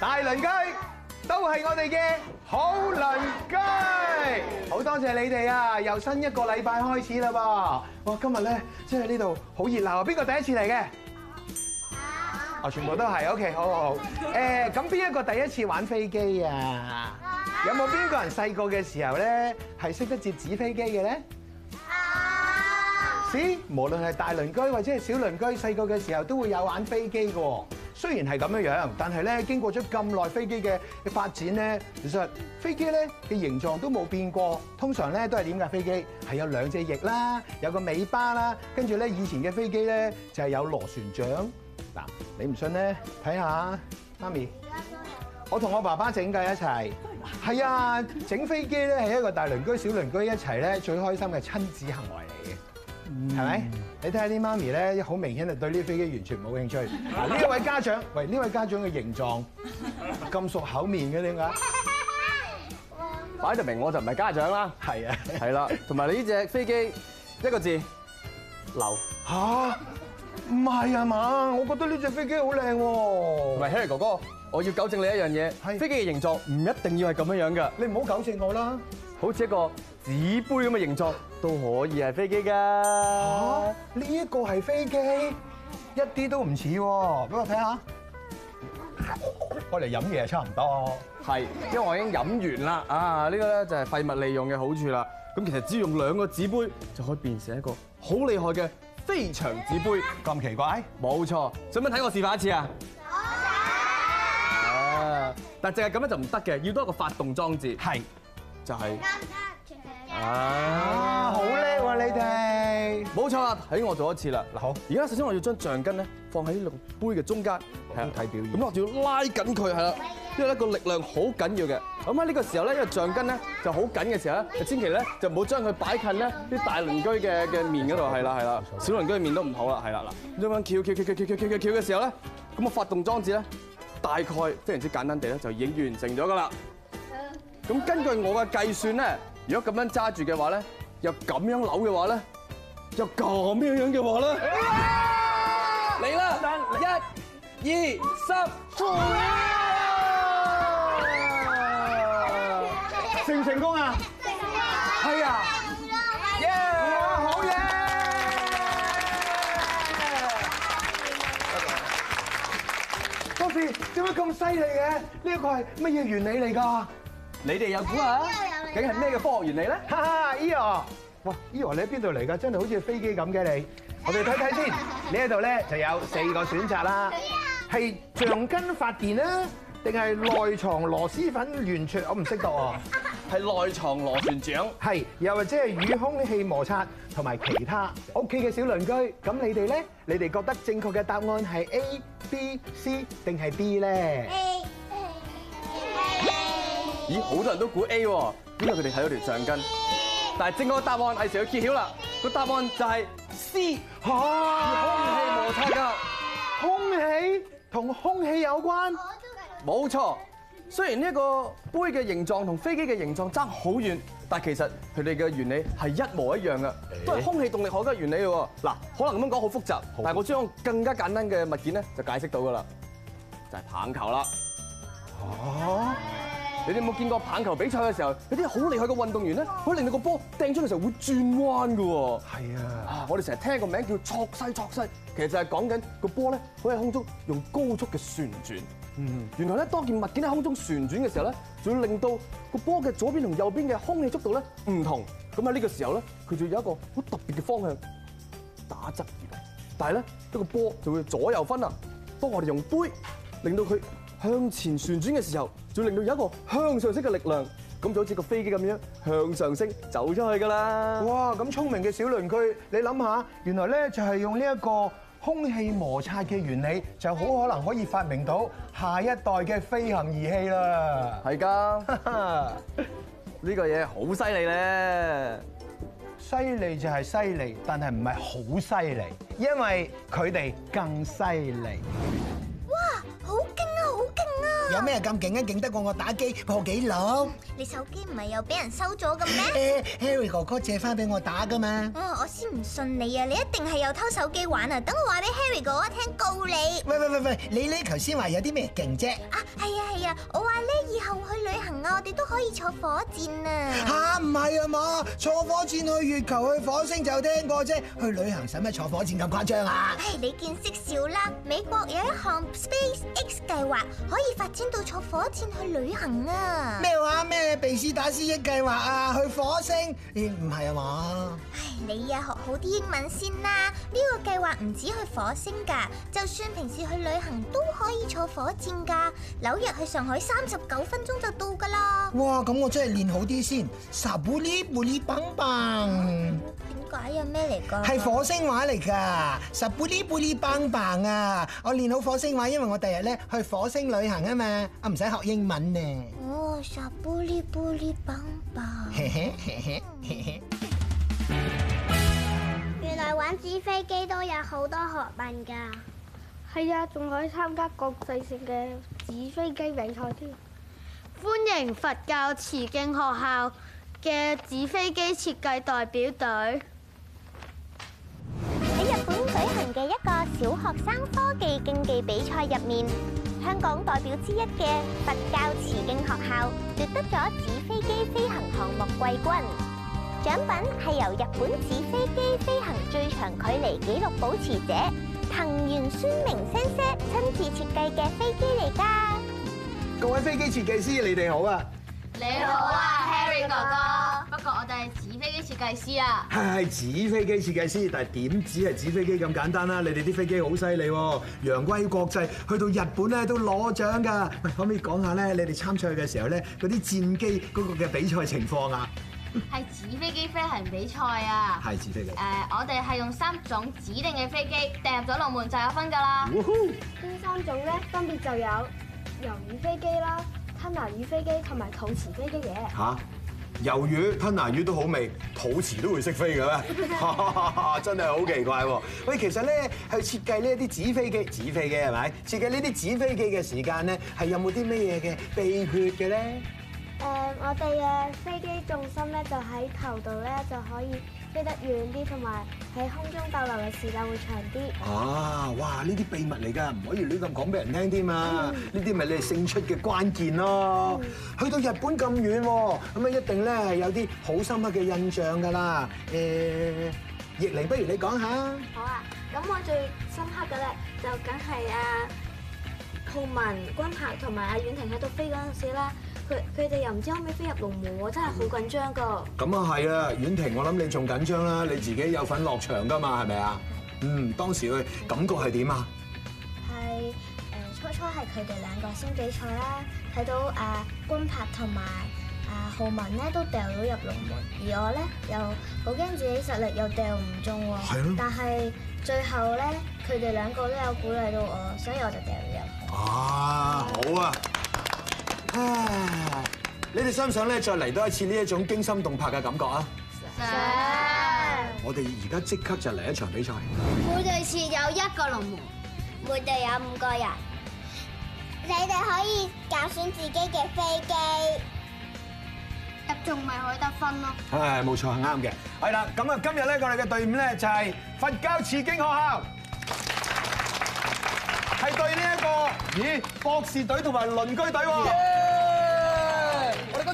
大鄰居都係我哋嘅好鄰居，好多謝你哋啊！又新一個禮拜開始啦喎，哇！今日咧即係呢度好熱鬧啊！邊個第一次嚟嘅？啊！啊！啊！啊！全部都係 OK，好好好。誒咁邊一個第一次玩飛機啊？有冇邊個人細個嘅時候咧係識得折紙飛機嘅咧？啊！C，無論係大鄰居或者係小鄰居，細個嘅時候都會有玩飛機嘅喎。雖然係咁樣樣，但係咧經過咗咁耐飛機嘅發展咧，其實飛機咧嘅形狀都冇變過。通常咧都係點㗎？飛機係有兩隻翼啦，有個尾巴啦，跟住咧以前嘅飛機咧就係、是、有螺旋槳。嗱，你唔信咧？睇下媽咪，我同我，我爸爸整嘅一齊。係對啊，整飛機咧係一個大鄰居小鄰居一齊咧最開心嘅親子行為嚟嘅。係咪？你睇下啲媽咪咧，好明顯就對呢啲飛機完全冇興趣。呢一位家長，喂，呢位家長嘅形狀咁熟口面嘅，點解？擺得明我就唔係家長啦。係啊，係啦。同埋你呢隻飛機一個字流嚇，唔係啊嘛？我覺得呢隻飛機好靚喎。同埋 Harry 哥哥，我要糾正你一樣嘢，飛機嘅形狀唔一定要係咁樣樣㗎。你唔好糾正我啦。好似一個紙杯咁嘅形狀都可以係飛機噶，呢一個係飛機，一啲都唔似喎。俾我睇下，我嚟飲嘢差唔多，係，因為我已經飲完啦。啊，呢個咧就係廢物利用嘅好處啦。咁其實只要用兩個紙杯就可以變成一個好厲害嘅飛翔紙杯。咁奇怪？冇錯，想唔想睇我示範一次啊？好啊！但係淨係咁樣就唔得嘅，要多一個發動裝置。係。就係。啊，好叻喎你哋！冇錯啦，睇我做一次啦。嗱好，而家首先我要將橡筋咧放喺啲杯嘅中間，睇睇表演。咁我仲要拉緊佢，係啦，因為呢個力量好緊要嘅。咁喺呢個時候咧，因為橡筋咧就好緊嘅時候咧，千祈咧就唔好將佢擺近咧啲大鄰居嘅嘅面嗰度，係啦係啦，小鄰居嘅面都唔好啦，係啦嗱。咁樣翹翹翹翹翹翹翹嘅時候咧，咁我發動裝置咧，大概非常之簡單地咧就已經完成咗㗎啦。咁根據我嘅計算咧，如果咁樣揸住嘅話咧，又咁樣扭嘅話咧，又咁樣樣嘅話咧，嚟啦！一、二、三，成唔成功啊？係啊！耶！哇，好嘢！博士，點解咁犀利嘅？呢一、這個係乜嘢原理嚟㗎？這個你哋有估下，究竟係咩嘅科學原理咧？哈哈，Eo，哇，Eo 你喺邊度嚟噶？真係好似飛機咁嘅你。我哋睇睇先，呢度咧就有四個選擇啦，係橡筋發電啦，定係內藏螺絲粉完全我唔識讀喎，係內藏螺旋槳，係又或者係與空氣摩擦同埋其他。屋企嘅小鄰居，咁你哋咧？你哋覺得正確嘅答案係 A B, C, B、B、C 定係 B 咧？咦，好多人都估 A 喎，因為佢哋睇咗條橡筋。C，但係正確答案係時候要揭曉啦，C，個答案就係 C，嚇、啊！空氣摩擦㗎，C，空氣同空氣有關，冇錯。雖然呢個杯嘅形狀同飛機嘅形狀爭好遠，但其實佢哋嘅原理係一模一樣嘅，都係空氣動力學嘅原理喎。嗱，可能咁樣講好複雜，複雜但係我將更加簡單嘅物件咧就解釋到㗎啦，就係、是、棒球啦，嚇、啊！你哋有冇見過棒球比賽嘅時候，有啲好厲害嘅運動員咧，可以令到個波掟出嘅時候會轉彎㗎喎？係啊的，我哋成日聽個名叫託西託西，其實就係講緊個波咧可以喺空中用高速嘅旋轉。嗯，原來咧當件物件喺空中旋轉嘅時候咧，就會令到個波嘅左邊同右邊嘅空氣速度咧唔同。咁喺呢個時候咧，佢就有一個好特別嘅方向打側入嚟。但係咧，一個波就會左右分啊。當我哋用杯令到佢，向前旋轉嘅時候，就令到有一個向上式嘅力量，咁就好似個飛機咁樣向上升走出去噶啦。哇！咁聰明嘅小鄰居，你諗下，原來咧就係用呢一個空氣摩擦嘅原理，就好可能可以發明到下一代嘅飛行儀器啦。係㗎，呢個嘢好犀利咧！犀利就係犀利，但係唔係好犀利，因為佢哋更犀利。有咩咁勁啊？勁得過我打機破紀錄？你手機唔係又俾人收咗嘅咩？Harry 哥哥借翻俾我打噶嘛？我先唔信你啊！你一定係又偷手機玩啊！等我話俾 Harry 哥哥聽告你！喂喂喂喂，你呢頭先話有啲咩勁啫？啊係啊係啊，我話咧以後去旅行啊，我哋都可以坐火箭啊！吓，唔係啊嘛？坐火箭去月球去火星就聽過啫，去旅行使乜坐火箭咁誇張啊？唉，你見識少啦！美國有一項 SpaceX 計劃可以發。先到坐火箭去旅行啊！咩話咩？貝斯打斯億計劃啊！去火星？咦，唔係啊嘛？唉，你啊學好啲英文先啦！呢、這個計劃唔止去火星噶，就算平時去旅行都可以坐火箭噶。紐約去上海三十九分鐘就到噶啦！哇，咁我真係練好啲先，十哩半哩棒棒！鬼有咩嚟噶？係火星話嚟噶，實 bully bully bang bang 啊！我練好火星話，因為我第日咧去火星旅行啊嘛，我唔使學英文呢、啊。 哦，實 bully bully bang bang。原來玩紙飛機都有好多學問噶。係啊，仲可以參加國際性嘅紙飛機比賽添。歡迎佛教慈敬學校嘅紙飛機設計代表隊。舉行嘅一個小學生科技競技比賽入面，香港代表之一嘅佛教慈敬學校奪得咗紙飛機飛行項目季軍，獎品係由日本紙飛機飛行最長距離紀錄保持者藤原宣明先生親自設計嘅飛機嚟噶。各位飛機設計師，你哋好啊！你好啊，Harry 哥哥。係紙飛機設計師啊，係係紙飛機設計師，但係點止係紙飛機咁簡單啦？你哋啲飛機好犀利，揚威國際去到日本咧都攞獎噶。喂，可唔可以講下咧？你哋參賽嘅時候咧，嗰啲戰機嗰個嘅比賽情況啊？係紙飛機飛行比賽啊？係紙飛機。誒，我哋係用三種指定嘅飛機，掟入咗龍門就有分噶啦。呢哇三種咧，分別就有游魚飛機啦、吞拿魚飛機同埋陶瓷飛機嘢。吓、啊？魷魚、吞拿魚都好味，肚臍都會識飛嘅咩？ 真係好奇怪喎！喂，其實咧去設計呢一啲紙飛機、紙飛機係咪？設計呢啲紙飛機嘅時間咧係有冇啲咩嘢嘅秘訣嘅咧？誒， 我哋嘅飛機重心咧就喺頭度咧就可以，飛得遠啲，同埋喺空中逗留嘅時間會長啲。啊！哇！呢啲秘密嚟㗎，唔可以亂咁講俾人聽添啊！呢啲咪你勝出嘅關鍵咯。 去到日本咁遠，咁啊一定咧有啲好深刻嘅印象㗎啦。誒、嗯，葉玲不如你講下。好啊，咁我最深刻嘅咧，就梗係阿浩文、軍柏同埋阿婉婷喺度飛嗰陣時啦。佢佢哋又唔知可唔可以飛入龍門，我真係好緊張噶。咁啊係啊，婉婷，我諗你仲緊張啦，你自己有份落場噶嘛，係咪啊？嗯，當時嘅感覺係點啊？係誒，初初係佢哋兩個先比賽啦，睇到，誒官柏，同埋誒浩文咧都掉咗入龍門，而我咧又好驚自己實力又掉唔中喎。係咯。但係最後咧，佢哋兩個都有鼓勵到我，所以我就掉咗入龍門。啊，所以，好啊。啊！你哋想唔想咧，再嚟多一次呢一種驚心動魄嘅感覺啊？想！我哋而家即刻就嚟一場比賽。每隊設有一個龍門，每隊有五個人。你哋可以揀選自己嘅飛機入仲咪可以得分咯。係，冇錯，係啱嘅。係啦，咁啊，今日咧，我哋嘅隊伍咧就係佛教慈敬學校，係對呢一個咦博士隊同埋鄰居隊喎。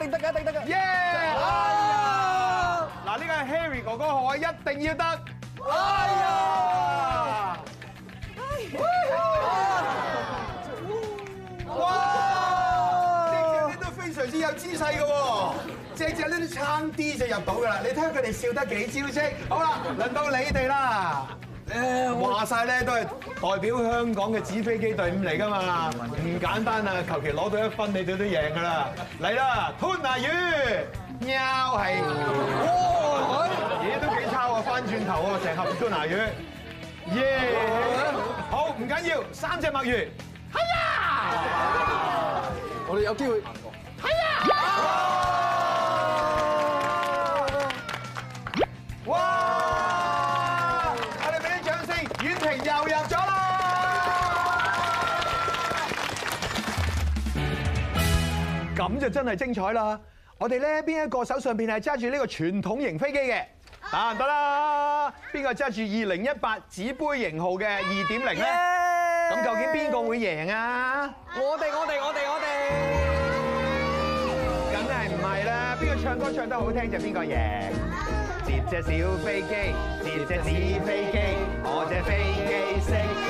定得噶，定得噶耶！e a 嗱，呢個係 Harry 哥哥學啊，我一定要得！哎、啊、哇！哇！姐姐你都非常之有姿勢嘅喎，姐姐你都差啲就入到嘅啦，你睇下佢哋笑得幾招式！好啦，輪到你哋啦，話晒咧都係，代表香港嘅紙飛機隊伍嚟㗎嘛，唔明簡單啊！求其攞到一分，你哋都贏㗎啦。嚟啦，吞拿魚，喵、嗯！係，哇！嘢都幾差啊，翻轉頭啊，成盒吞拿魚。耶、yeah.！好，唔緊要，三隻墨魚。係啊！ 我哋有機會。係啊！ 咁就真係精彩啦！我哋咧邊一個手上邊係揸住呢個傳統型飛機嘅，得唔得啦？邊個揸住二零一八紙杯型號嘅二點零咧？咁究竟邊個會贏啊？我哋我哋我哋我哋，梗係唔係啦？邊個唱歌唱得好聽就邊個贏。折隻小飛機，折隻紙飛機，我隻飛機識飛。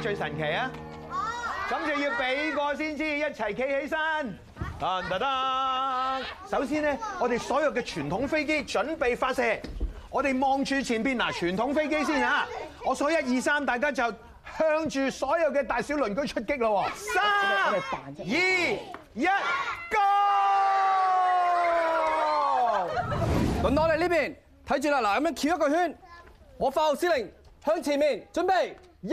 最神奇啊！咁就要比過先知，一齊企起身啊！嗒嗒，首先呢，我哋所有嘅傳統飛機準備發射，我哋望住前邊嗱，傳統飛機先吓！我數一二三，大家就向住所有嘅大小鄰居出擊咯！三二一，Go！輪到嚟呢邊睇住啦，嗱咁樣繞一個圈，我發號施令向前面準備一。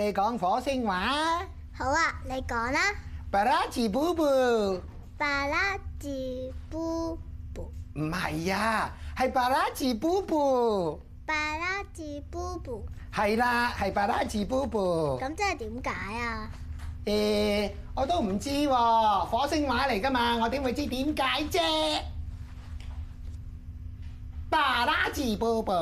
你講火星話，好啊，你講啦。巴拉吉布布，巴拉吉布布，唔係啊，係巴拉吉布布，巴拉吉布布，係啦，係巴拉吉布布。咁即係點解啊？誒，我都唔知喎，火星話嚟噶嘛，我點會知點解啫？巴拉吉布布。